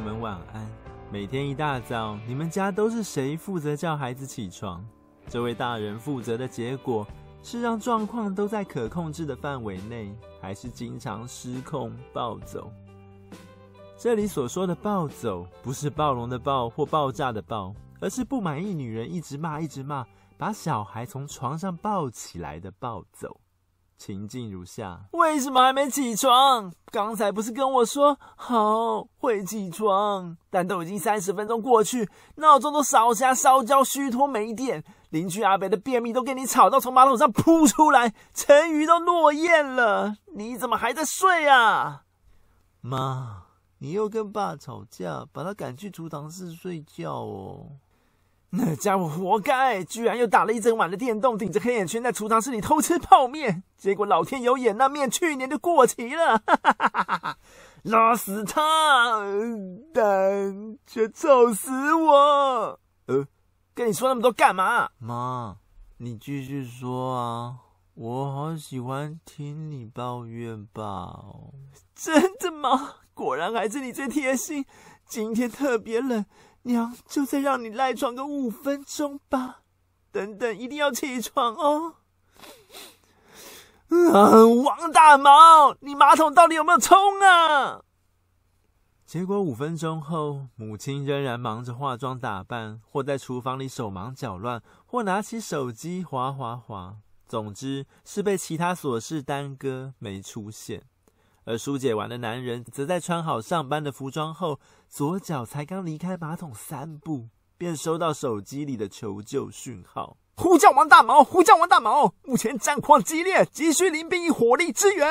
們晚安。每天一大早，你們家都是誰負責叫孩子起床？這位大人負責的結果是讓狀況都在可控制的範圍內，還是經常失控暴走？這裡所說的暴走，不是暴龍的暴或爆炸的暴爆，而是不滿意女人一直罵一直罵，把小孩從床上抱起來的暴走。情境如下：為什麼還沒起床？剛才不是跟我說好會起床？但都已經三十分鐘過去，鬧鐘都燒瞎、燒焦、虛脫、沒電。鄰居阿北的便秘都給你吵到從馬桶上撲出來，沉魚都落雁了，你怎麼還在睡啊？媽，你又跟爸吵架，把他趕去儲藏室睡覺哦。那傢伙活該，居然又打了一整晚的電動，頂着黑眼圈在廚房室裡偷吃泡麵，結果老天有眼，那麵去年就過期了，哈哈，哈，哈，拉死他！但、呃、卻吵死我。呃，跟你說那麼多幹嘛？媽，你繼續說啊，我好喜歡聽你抱怨吧。真的嗎？果然還是你最貼心。今天特別冷。娘就再讓你賴床個五分鐘吧，等等一定要起床哦，嗯啊！王大毛，你馬桶到底有沒有衝啊？結果五分鐘後，母親仍然忙着化妝打扮，或在廚房裡手忙腳亂，或拿起手機滑滑滑，總之是被其他瑣事耽擱，沒出現。而紓解完的男人，則在穿好上班的服裝後，左腳才剛離開馬桶三步，便收到手機裡的求救訊號：“呼叫王大毛，呼叫王大毛，目前戰況激烈，急需臨兵以火力支援。”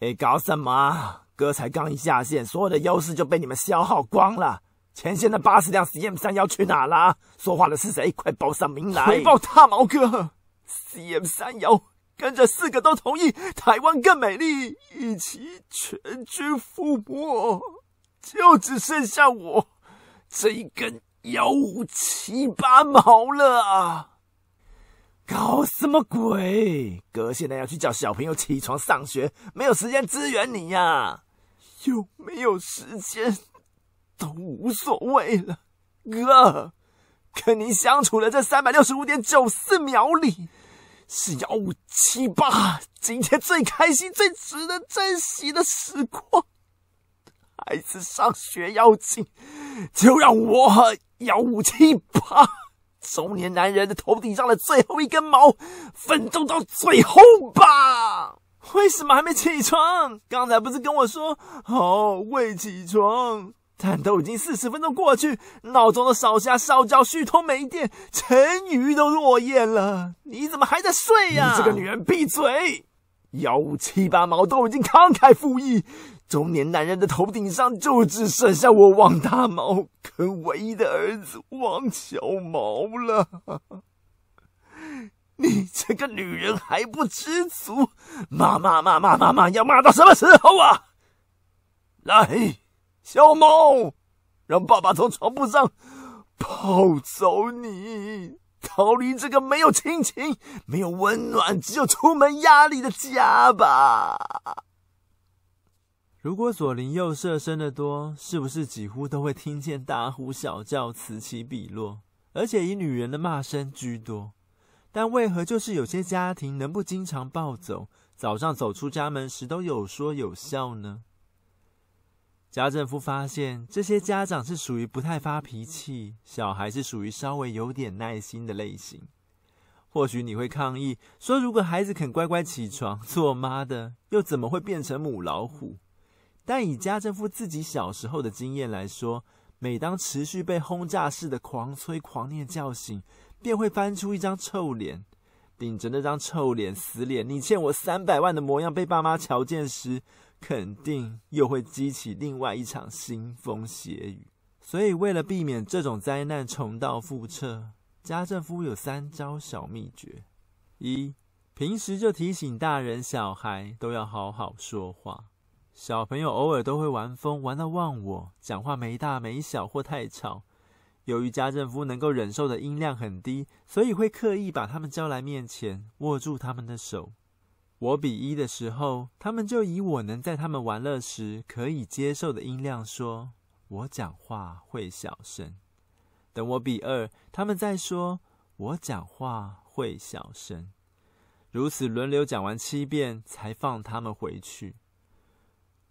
哎、欸，搞什麼？哥才剛一下線，所有的優勢就被你們消耗光了。前線的八十輛 CM 三幺去哪了？說話的是誰？快報上名來！回報大毛哥，CM 三幺。跟着四個都同意，台灣更美麗，一起全軍覆沒，就只剩下我這一根幺五七八毛了。搞什麼鬼？哥現在要去叫小朋友起床上學，沒有時間支援你呀、啊。有沒有時間都無所謂了，哥，跟你相處了這三百六十五點九四秒裡。是幺五七八，今天最開心、最值得珍惜的時光，孩子上學要緊，就讓我和幺五七八中年男人的頭頂上的最後一根毛，奮鬥到最後吧。為什麼還沒起床？剛才不是跟我說好、哦、會起床？但都已經四十分鐘過去，鬧鐘的少蝦燒焦，虛脫沒電，沉魚都落雁了。你怎麼還在睡呀、啊？你這個女人閉嘴！幺五七八毛都已經慷慨赴義，中年男人的頭頂上就只剩下，我王大毛跟唯一的兒子王小毛了。 你這個女人還不知足，罵罵，罵罵罵罵罵，要罵到什麼時候啊？來。小貓，讓爸爸從床鋪上抱走你，逃離這個沒有親情、沒有溫暖、只有出門壓力的家吧。如果左鄰右舍生的多，是不是幾乎都會聽見大呼小叫，此起彼落，而且以女人的罵聲居多？但為何就是有些家庭能不經常暴走，早上走出家門時都有說有笑呢？家政夫發現，這些家長是屬於不太發脾氣，小孩是屬於稍微有點耐心的類型。或許你會抗議說，如果孩子肯乖乖起床，做媽的又怎麼會變成母老虎？但以家政夫自己小時候的經驗來說，每當持續被轟炸式的狂催狂念叫醒，便會翻出一張臭臉，頂着那張臭臉死臉，你欠我三百萬的模樣被爸媽瞧見時，肯定又會激起另外一場腥風血雨，所以為了避免這種災難重蹈覆轍，家政夫有三招小秘訣：一、平時就提醒大人小孩都要好好說話；小朋友偶爾都會玩瘋，玩到忘我，講話沒大沒小或太吵。由於家政夫能夠忍受的音量很低，所以會刻意把他們叫來面前，握住他們的手。我比一的時候，他們就以我能在他們玩樂時可以接受的音量說：“我講話會小聲。”等我比二，他們再說：“我講話會小聲。”如此輪流講完七遍，才放他們回去。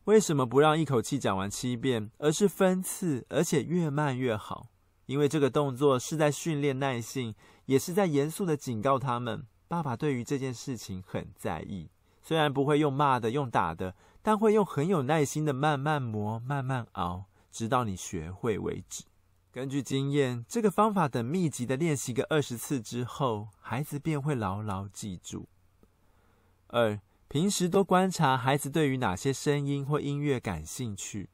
為什麼不讓一口氣講完七遍，而是分次，而且越慢越好？因為這個動作是在訓練耐性，也是在嚴肅地警告他們。爸爸對於這件事情很在意，雖然不會用罵的、用打的，但會用很有耐心的慢慢磨、慢慢熬，直到你學會為止。根據經驗，這個方法等密集的練習個二十次之後，孩子便會牢牢記住。二、平時多觀察孩子對於哪些聲音或音樂感興趣。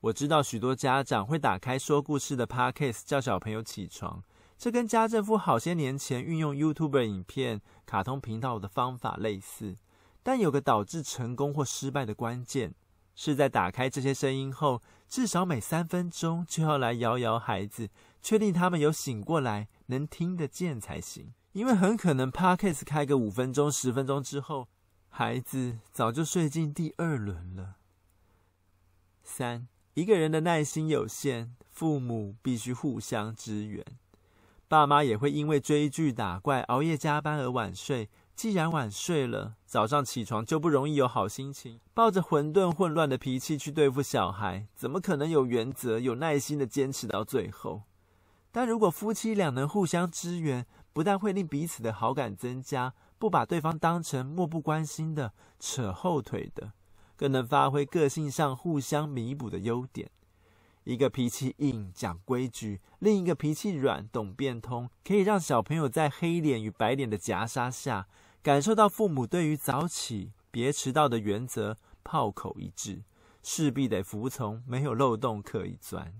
我知道許多家長會打開說故事的 Podcast 叫小朋友起床。這跟家政夫好些年前運用 YouTube 影片、卡通頻道的方法類似，但有個導致成功或失敗的關鍵，是在打開這些聲音後，至少每三分鐘就要來搖搖孩子，確定他們有醒過來、能聽得見才行。因為很可能 Podcast 開個五分鐘、十分鐘之後，孩子早就睡進第二輪了。三，一個人的耐心有限，父母必須互相支援。爸媽也會因為追劇、打怪、熬夜加班而晚睡。既然晚睡了，早上起床就不容易有好心情，抱着混沌混亂的脾氣去對付小孩，怎麼可能有原則、有耐心的堅持到最後？但如果夫妻倆能互相支援，不但會令彼此的好感增加，不把對方當成漠不關心的、扯後腿的，更能發揮個性上互相彌補的優點。一個脾氣硬講規矩，另一個脾氣軟懂變通，可以讓小朋友在黑臉與白臉的夾殺下，感受到父母對於早起別遲到的原則炮口一致，勢必得服從，沒有漏洞可以鑽。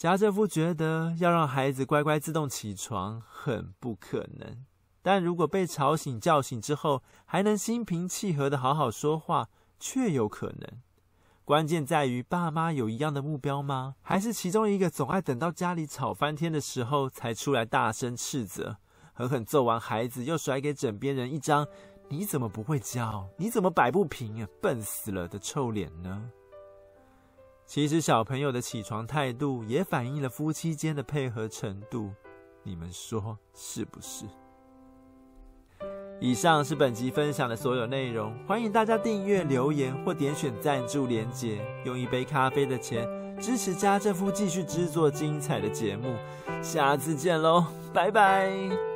賈這夫覺得要讓孩子乖乖自動起床很不可能，但如果被吵醒叫醒之後，還能心平氣和地好好說話，確有可能。關鍵在於爸媽有一樣的目標嗎？還是其中一個總愛等到家裡吵翻天的時候才出來大聲斥責，狠狠揍完孩子，又甩給枕邊人一張“你怎麼不會教？你怎麼擺不平啊？笨死了”的臭臉呢？其實小朋友的起床態度也反映了夫妻間的配合程度，你們說是不是？以上是本集分享的所有內容，歡迎大家訂閱、留言或點選贊助連結，用一杯咖啡的錢支持家政夫繼續制作精彩的節目。下次見嘍，拜拜。